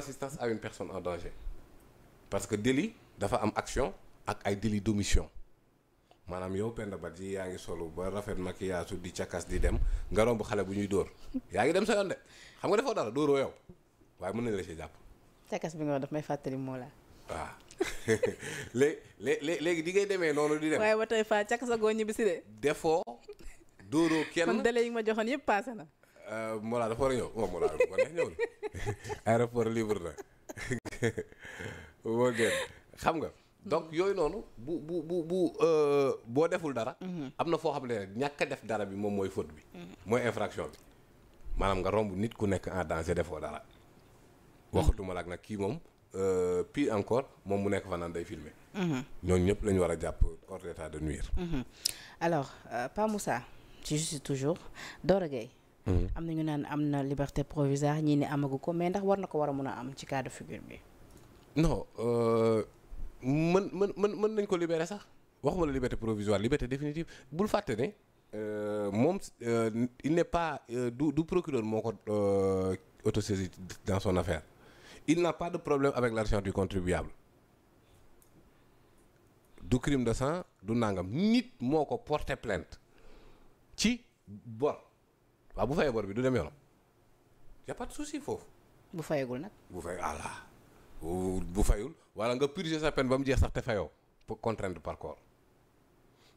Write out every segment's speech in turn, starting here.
assistance à une personne en danger parce que déli dafa am action ak ay délit d'omission maanaam yow Penda Badji yaa ngi solo ba rafet maquillage di càkkas di dem nga romb xale bu ñuy dóor yaa ngi dem sa yoon de xam nga defoo dara dóoroo yow waaye mun nañ la ci jàpp. càkkas bi nga wax daf may fàttali moo la. waaw léegi léegi di ngay demee noonu di dem. waaye ba tey faa càkkas a goo ñibbi si de. defoo dóoroo kenn. man délai yi ma joxoon yëpp paase na. Euh, Mollah dafa war a ñëw moom Mollah dafa neex ñëw aéroport libre na moo gën xam nga. donc mm. yooyu noonu bu bu bu euh, boo deful dara. Mm-hmm. am na foo xam ne ñàkk def dara bi moom mooy faute bi. Mm-hmm. mooy infraction bi maanaam nga romb nit ku nekk en danger defoo dara. Mm-hmm. waxatuma laak nag kii moom euh, pire encore moom mu nekk fa naan day filmer. ñooñu ñëpp la war a jàpp hors d'état de nuire. alors euh, ci juste toujours Doro Gaye Mm-hmm. am na ñu naan am na liberté provisoire ñii ne amagu ko mais ndax war na ko war a mën a am ci cas figure bi. non euh, mën mën mën mën nañ ko libérer sax waxuma la liberté provisoire liberté définitive bul fàtte ne euh, moom euh, il ne pas du du procureur moo ko autosaisi dans son affaire il n'a pas de problème avec l'argent du contribuable du crime de sang du nangam nit moo ko porter plainte ci bor. waaw bu fayee bor bi du dem yoonam y a pas souci foofu. bu fayee fayagul nag. bu fay voilà bu fayul wala nga purger sa peine ba mu jeex sax te fayoo pour contraindre par corps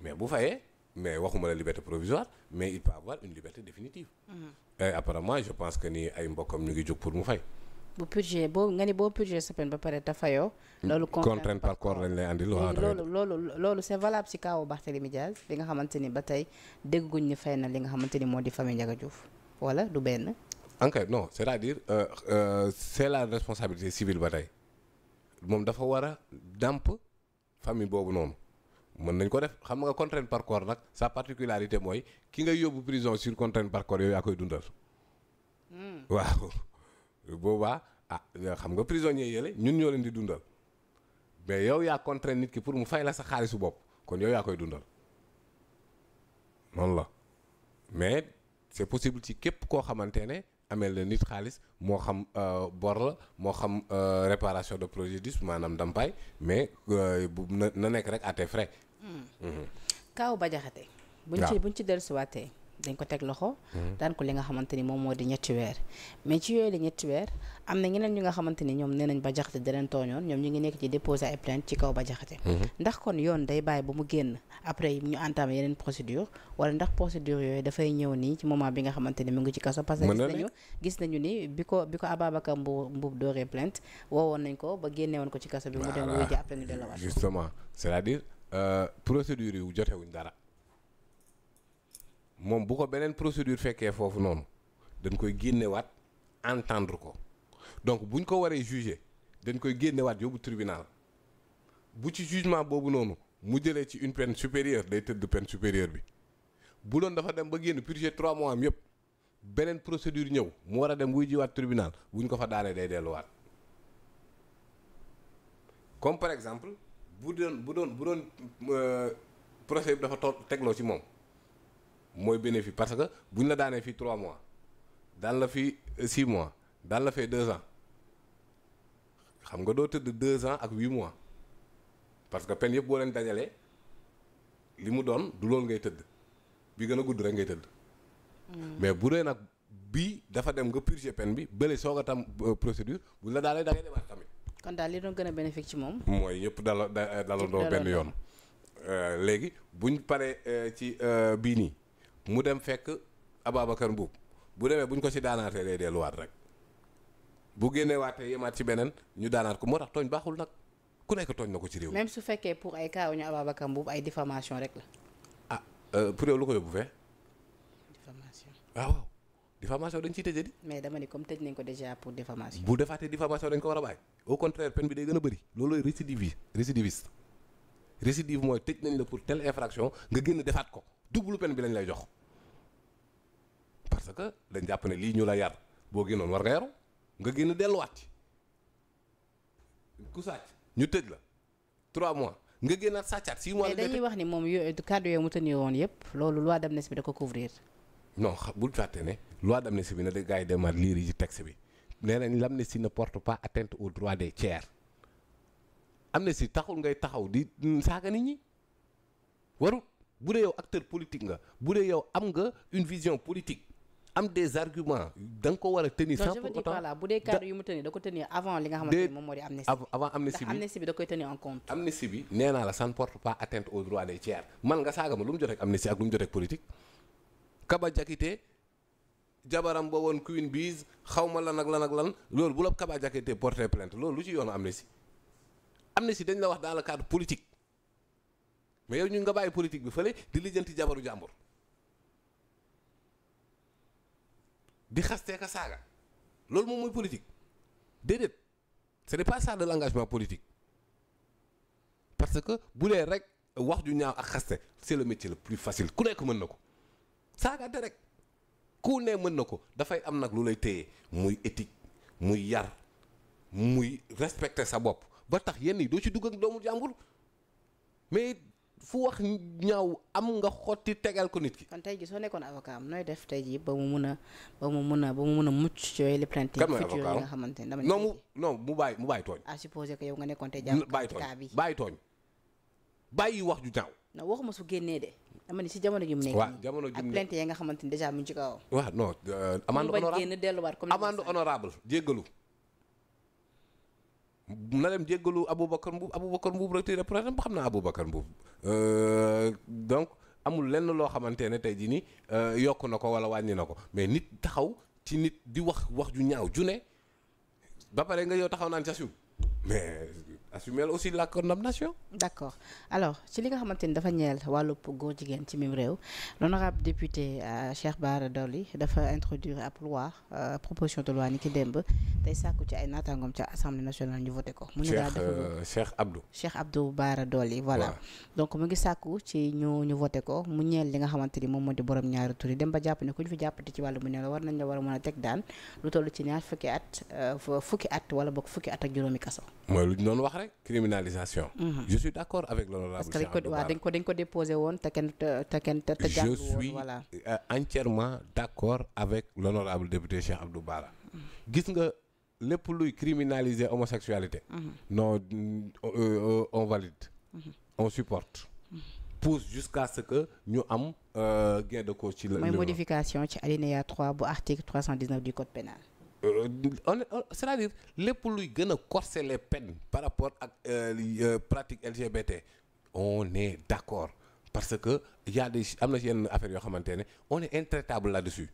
mais bu fayee mais waxuma la liberté provisoire mais il peut avoir une liberté définitive. Mmh. apparemment je pense que ni ay mbokkam ñu ngi jóg pour mu fay. bu purgé boo nga ni boo purgé sa peine ba pare te fayoo. loolu mm, contrainte par corps lañ nga xamante ni ba tey dégguñ ni fay na li nga xamante ni moo di famille Ndiaga Diouf wala du benn. ok non c' est à dire euh, euh la responsabilité civile ba tey moom dafa war a dàmp famille boobu noonu. mën nañ ko def xam nga contrainte par corps nag sa particularité mooy ki nga yóbbu prison sur contrainte par corps yooyu yaa koy dundal. Hmm. waaw. boobaa ah xam nga prisonniers yële ñun ñoo leen di dundal mais yow yaa contraint nit ki pour mu fay la sa xaalisu bopp kon yow yaa koy dundal noonu la mais c'est possible ci képp koo xamante ne ameel la nit xaalis moo xam euh, bor la moo xam euh, réparation de projet préjudice maanaam ndàmpaay mais euh, bu na nekk rek à frais. Hmm. Hmm. Kaaw Ba buñ ci buñ ci dellusiwaatee. dañ ko teg loxo. Hmm. daan ko li nga xamante ni moom moo di ñetti weer mais ci yooyu la ñetti weer am na ñeneen ñu nga xamante ñoom nee nañ Bah Diakhaté tooñoon ñoom ñu ngi nekk ci déposer ay plainte ci kaw Bah Diakhaté hmm. ndax kon yoon day bàyyi ba mu génn après ñu entamé yeneen procédure wala ndax procédure yooyu dafay ñëw nii ci moment bi nga xamante mu ngi ci kaso parce gis nañu gis bi ko bi ko Ababacar dooree plainte woowoon nañ ko ba génne moom bu ko beneen procédure fekkee foofu noonu dañ koy génnewaat entendre ko donc buñ ko waree juger dañ koy génnewaat yóbbu tribinal bu ci jugement boobu noonu mu jëlee ci une peine supérieure day tëdd peine supérieure bi bu doon dafa dem ba génn purger trois mois am yëpp beneen procédure ñëw mu war a dem wuy jiwaat tribunal buñ ko fa daanee day delluwaat comme par exemple bu doon bu doon bu doon euh, procès bi dafa toog tegloo ci moom. mooy bénéfice parce que bu ñu la daanee fii 3 mois daan la fi 6 mois daal la fee 2 ans xam nga doo tëdd 2 ans ak 8 mois parce que peine yëpp boo leen dajalee li mu doon du loolu ngay tëdd bi gën a gudd rek ngay tëdd. Hmm. mais bu dee nag bii dafa dem nga purger peine bi bële soog a tam euh, procédure bu ñu la daalee da ngay demaat tamit. kon daal li doon gën a bénéfique ci moom. mooy yëpp dala euh, dalandoo benn yoon. Euh, léegi buñ paree ci bii nii. mu dem fekk Ababacar Mbuub bu demee buñ ko si daanaatee day delluwaat rek bu génneewaatee yemaat ci beneen ñu daanaat ko moo tax tooñ baaxul nag ku nekk tooñ na ko ci réew même su fekkee pour ay cas ñu Ababacar Mbuub ay diffamation rek la. ah euh, lu ko yóbbu fee. diffamation ah, waaw diffamation dañ ciy tëjee di. mais dama ni comme tëj nañ ko déjà pour diffamation. bu defaatee diffamation dañ ko war a bàyyi au contraire peine bi day gën a bëri loolooy récidive récidiviste récidive mooy tëj nañ la pour telle infraction nga génn defaat ko. double peine bi lañ lay jox parce que dañ jàpp ne lii ñu la yar boo génnoon war nga yaru nga génn delluwaat ci ku sàcc ñu tëj la trois mois nga génnaat sàccaat six mois. mais dañuy wax ni moom yooyu kàddu yooyu mu tënee woon yëpp loolu loi d'amnistie bi da ko couvrir. non xa bul fàtte ne loi d'amnistie bi na da gars yi demaat lii yi ci texte bi lam ne si ne porte pas atteinte aux droits des tiers si taxul ngay taxaw di saaga nit ñi bu dee yow acteur politique nga bu dee yow am nga une vision politique am des arguments da nga ko war a tenir. sans pour autant voilà bu dee cadre yu mu tenir da ko tenir avant li nga xam ne moom moo di amnistie bi avant amnistie bi amnistie bi da koy tenir en compte. amnistie bi nee la ça ne porte pas atteinte aux droits des tiers man nga saaga ma lu mu jot ak amnistie ak lu mu jot ak politique. Kaba Diakité jabaram ba woon Queen Biz xaw ma lan ak lan ak lan loolu bu la Kaba Diakité porté plainte loolu lu ci yoonu amnistie amnistie dañ la wax dans le cadre politique. mais yow ñu nga bàyyi politique bi fële di lijjanti jabaru jàmbur di xastee ka saaga loolu moom mooy politique déedéet ce n'est pas ça de l'engagement politique parce que bu lee rek wax ju ñaaw ak xaste c'est le métier le plus facile ku nekk mën na ko saagaate rek ku ne mën na ko dafay am nag lu lay téye muy éthique muy yar muy respecter sa bopp ba tax yenn yi doo ci dugg ak doomu jàmbur mais fu wax ñaaw am nga xotti tegal ko nit ki. kon tey jii soo nekkoon avocat am nooy def tey ji ba mu mun a ba mu mun a ba mu mun a mucc ci yooyu les plaintes nga xamante ne dama. non mu non mu bàyyi mu bàyyi tooñ. à yow nga nekkoon tey jàpp kaa bi bàyyi tooñ bàyyi wax ju ñaaw. non waxuma su génnee de. dama si jamono jum nekk. waaw jamono jum ak plainte yi nga xamante ni déjà mu ngi ci kaw. waaw no euh, amende honorable mu bañ génn delluwaat comme amende honorable na dem jéggalu Aboubacar Mbuub Aboubacar Mbuub rek tey problème ba xam naa Aboubacar Mbuub euh, donc amul lenn loo xamante ne tey jii nii euh, yokk na ko wala wàññi na ko mais nit taxaw ci nit di wax wax ju ñaaw ju ne ba pare nga yow taxaw naan ca mais assumer aussi la condamnation. d' accord alors ci li nga xamante ni dafa ñeel wàllub góor jigéen ci mim réew l'honorable député euh, Cheikh Bara Dolly dafa introduire ab loi euh, proposition de loi ni ki démb tey sàkku ci ay naataangoom ci assemblée nationale ñu voté ko. mu ñu daal dafa euh, Cheikh Abdou. Cheikh Abdou Bara Dolly donc mu ngi sàkku ci ñu ñu voté ko mu ñeel li nga xamante ni moom moo di borom ñaari tur yi dem ba jàpp ne ku ñu fi jàppati ci wàllu mu ne la war nañ la war a mën a teg daan lu toll ci ñaar fukki at fukki at wala boog fukki at ak rek criminalisation. Mhm. je suis d'accord avec l'honorable Cheikh Abdou Bara parce que dañ ko dañ ko déposé woon te kenn te kenn te gàddu woon euh, député Cheikh Abdou mhm. gis nga lépp luy criminaliser homosexualité. Mhm. non euh, euh, on on supporte. pousse jusqu'à ce que ñu am la. mooy modification ci alinéa 3 bu article 319 du code pénal Euh, euh, c'est-à-dire lépp luy gën a corser les par rapport ak euh, pratique LGBT on est d'accord parce que y am na ci yenn affaires yoo xamante ne on est intraitable là-dessus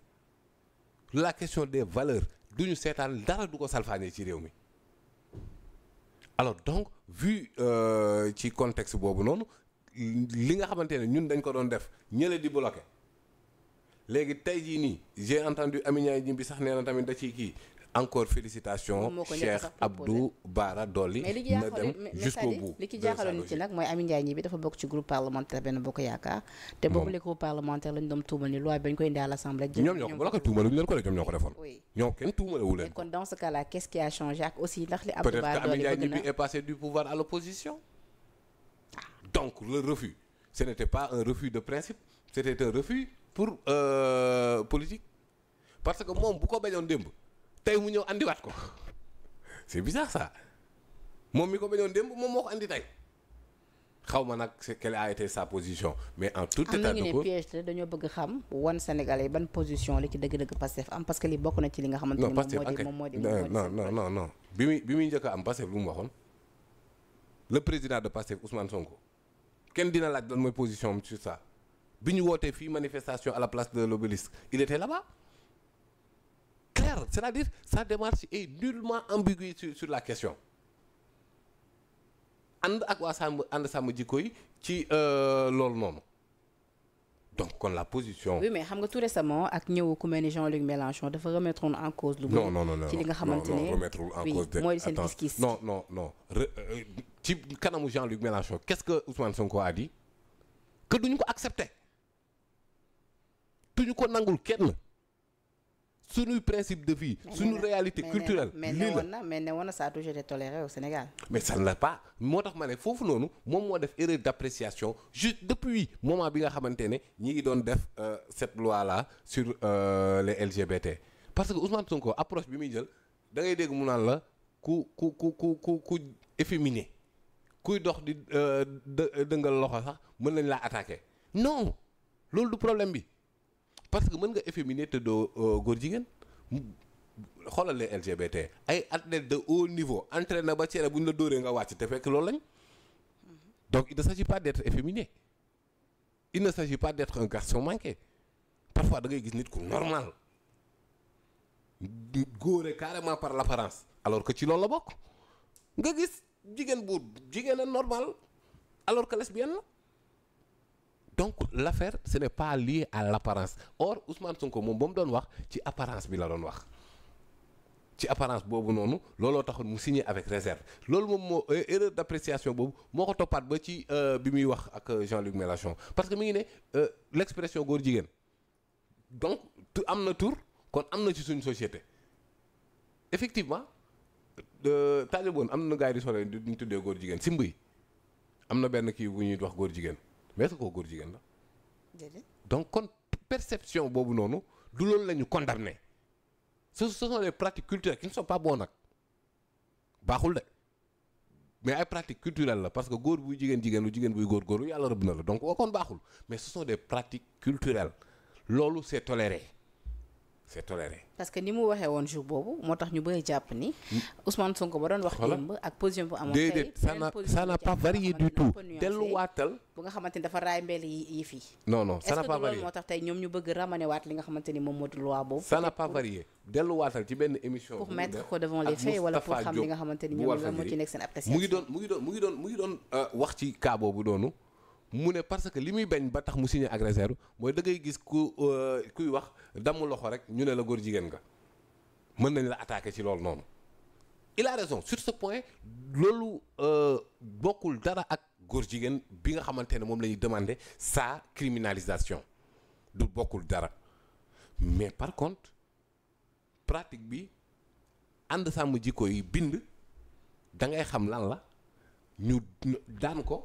la question des valeurs du ñu seetaan dara du ko salfaañee ci réew mi alors donc vu ci contexte boobu noonu li nga xamante ne ñun dañ ko doon def ñële di bloquer léegi tey jii nii j'ai entendu Aminia ñi bi sax nee na tamit da kii encore félicitations Cheikh Abdou Bara Dolly na dem jusqu'au bout li ki jaaxaloon nit ci nag mooy Amy Ndiaye ñi dafa bokk ci groupe parlementaire benn bokk yaakaar te boobu le parlementaire lañ doon tuumal ni loi bi dañ koy indi à l'assemblée ñoom ñoo ko wala ko tuumal leen kon dans ce cas là quest a changé ak aussi ndax li Abdou Bara Dolly peut-être que ah. donc le refus ce n'était pas de principe c'était un pour euh, politique parce que moom bu ko bañoon démb tey mu ñëw andiwaat ko c'est bizarre ça moom mi ko bañoon démb moom moo ko andi tey xaw ma nag quelle a été sa position mais en tout état de na ñu ne piège te dañoo bëgg xam wan Sénégalais ban position la ci dëgg-dëgg Pastef am parce li bokk na ci li nga xamante ne moom moo di non non non non non bi muy bi muy njëkk a am Pastef lu mu waxoon le président de Pastef Ousmane Sonko kenn dina laaj lan mooy position am sur ça. bi ñu wootee fii manifestation à la place de l'obélisque il était là-bas clair c'est-à-dire sa démarche est nullement ambiguë sur, sur la question ànd ak waa sàmm ànd sàmm jikko yi ci euh, loolu noonu donc kon la position. oui mais xam nga tout récemment ak ñëw ku mel ni Jean-Luc Mélenchon dafa remettre en cause. lu non non non ci en cause de mooy seen euh, ci kanamu Jean-Luc Mélenchon qu'est-ce que Ousmane Sonko a dit que duñu ko accepter. duñu ko nangul kenn suñuy principe de vie suñu réalité culturelle mais ne na mais ne woon a toujours été Sénégal mais l'a pas moo tax ma ne foofu noonu moom moo def erreur d'appréciation juste depuis moment bi nga xamante ne ñi ngi doon def euh, cette loi la sur euh, les LGBT parce que Ousmane ko approche bi muy jël da dégg mu naan la ku ku ku ku ku ku efféminé kuy dox di euh, dë dëngal loxo sax mën nañ laa attaquer non loolu du problème bi parce que mën nga efféminé te doo euh, góor jigéen xoolal les LGBT ay athlètes de haut niveau entraîné ba cere bu ñu la dóoree nga wàcc te fekk loolu lañ mm-hmm. donc il ne s'agit pas d'être efféminé il ne s'agit pas d'être un manqué parfois da ngay gis nit ku normal góore carrément par l'apparence alors que ci loolu la bokk nga gis jigéen bu jigéen a normal alors que lesbienne la donc l' affaire ce n' est pas lié à l' apparence or Ousmane Sonko moom ba mu doon wax ci apparence bi la doon wax ci apparence boobu noonu looloo taxoon mu signé avec réserve loolu moom moo euh, erreur d' boobu moo ko toppaat ba ci euh, bi muy wax ak euh, Jean-Luc parce que mi ngi ne l' expression góor jigéen donc tu am na tour kon am na ci suñ société effectivement taaliboon am na gars yi di solo di ñu tuddee góor jigéen simb yi am na benn kii bu ñuy wax góor jigéen mais est góor jigéen la. donc kon perception boobu noonu du loolu la ñu condamné ce sont des pratique culturelles qui ne sont pas bonnes nag baaxul de mais ay pratiques culturelles la parce que góor buy jigéen jigéen lu jigéen buy góor góor yàlla rëbb na la donc kon baaxul mais ce sont des pratiques culturelles loolu c'est toléré. c'est toléré. parce que ni mu waxee woon jour boobu moo tax ñu bëri jàpp ni Ousmane Sonko ba doon wax. démb ak position bu amoon tey déedéet ça n'a ça n'a pas varié du tout. delluwaatal. bu nga xamante ni dafa raay mbel yi yi fii. non pas varié moom moo di loi boobu. ça n'a pas varié delluwaatal ci benn émission. pour mettre ko devant les faits wala pour xam li nga xamante ñoom ñoo moo ci nekk seen appréciation. mu ngi doon mu ngi doon mu ngi doon mu ngi doon euh, wax ci cas boobu doonu mu ne parce que li muy bañ ba tax mu signé agresseur mooy da ngay gis ku euh, kuy wax damm loxo rek ñu ne la góor jigéen nga mën nañ la attaqué ci loolu noonu il a raison sur ce point loolu euh, bokkul dara ak góor jigéen bi nga xamante ne moom la ñuy demandé sa criminalisation du bokkul dara mais par contre pratique bi ànd sàmm jikko yi bind da ngay xam lan la ñu daan ko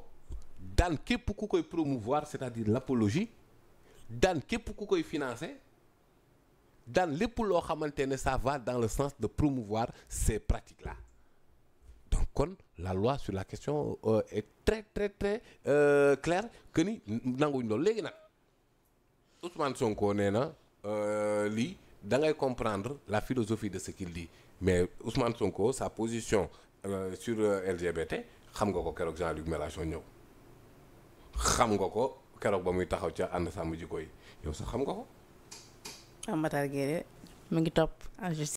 daan képp ku koy promouvoir cest a dire l'apologie daan képp ku koy financer daan lépp loo xamante ne ça va dans le sens de promouvoir ces pratiques-là donc kon la loi sur la question euh, est très très très euh, claire que ni nanguñ loolu léegi nag Ousmane Sonko nee na euh, lii da ngay comprendre la philosophie de ce qu'il dit mais Ousmane Sonko sa position euh, sur euh, LGBT xam nga ko keroog Jean-Luc ñëw. xam nga ko keroog ba muy taxaw ca ànd sàmm jikko yi yow sax xam nga ko. am Matar mu ngi topp